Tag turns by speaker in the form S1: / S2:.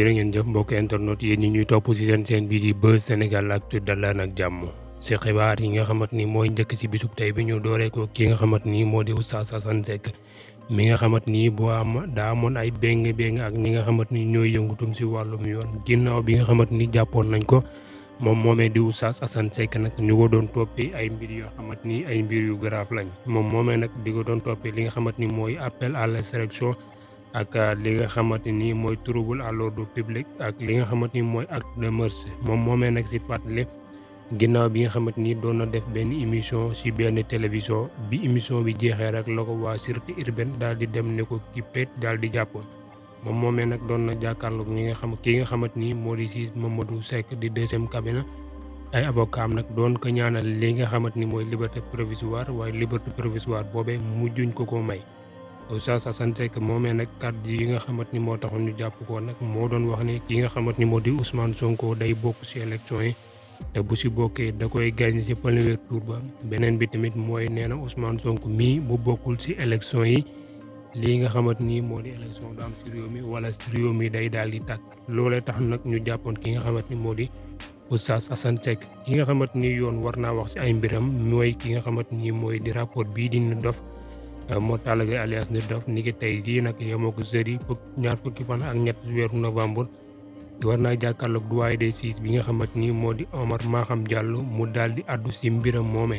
S1: jërë ngeen jëf mbokk internet yéen ñuy topp ci seen seen bii di Buzz Sénégal Actu dal leen ak jàmm ci xibaar yi nga xamante ni mooy njëkk ci bisub tey bi ñu dooree ko ki nga xamante ni moo di Oustaz Assane Seck mi nga xamante ni boo am daa amoon ay béng béng ak ñi nga xamante ni ñooy yëngutum si wàllum yoon ginnaaw bi nga xamante ni jàppoon nañ ko moom moomee di Oustaz Assane Seck nag ñu ko doon toppi ay mbir yoo xamante ni ay mbir yu grave lañ moom moomee nag di ko doon toppi li nga xamante ni mooy appel à l'insurrection ak euh, li nga xamante ni mooy trouble à du public ak li nga xamante ni mooy acte de meurtre moom moomee nag si fàttali ginnaaw bi nga xamante ni doon na def benn émission si benn télévision bi émission bi jeexee rek la ko waa sûreté urbaine daal di dem ne ko ki péet daal di jàppoon moom moomee nag doon na jàkkaarloog ñi nga xam ki nga xamante ni moo di si Mamadou Seck di deuxième cabinet ay avocat am nag doon ko ñaanal li nga xamante ni mooy liberté provisoire waaye liberté provisoire boobee mujjuñ ko koo may Oustaz Assane Seck moomee nag kàddu yi nga xamante ni moo taxoon nu jàpp ko nag moo doon wax ne ki nga xamante ni moo di Ousmane Sonko day bokk ci élection yi te bu ci bokkee da koy gagné ci premier tour ba beneen bi tamit mooy nee na Ousmane Sonko mii bu bokkul ci élection yi lii nga xamante ni moo di am ci mi wala ci réew day daal di tàkk loolee tax nag ñu jàppoon ki nga xamante ni moo di Oustaz Assane Seck ki nga xamante ni yoon war naa wax ci ay mbiram mooy ki nga xamante ni mooy di rapport bii di dof Euh, moo Talla Gaye alias Nit Doff ni tey jii nag yemoo ko jeudi fukk fukki fan ak ñett weeru novembre war naa jàkkaarloog doyen des juges bi nga xamante ni moo di Omar Maham Diallo mu daal di addu si mbiram moome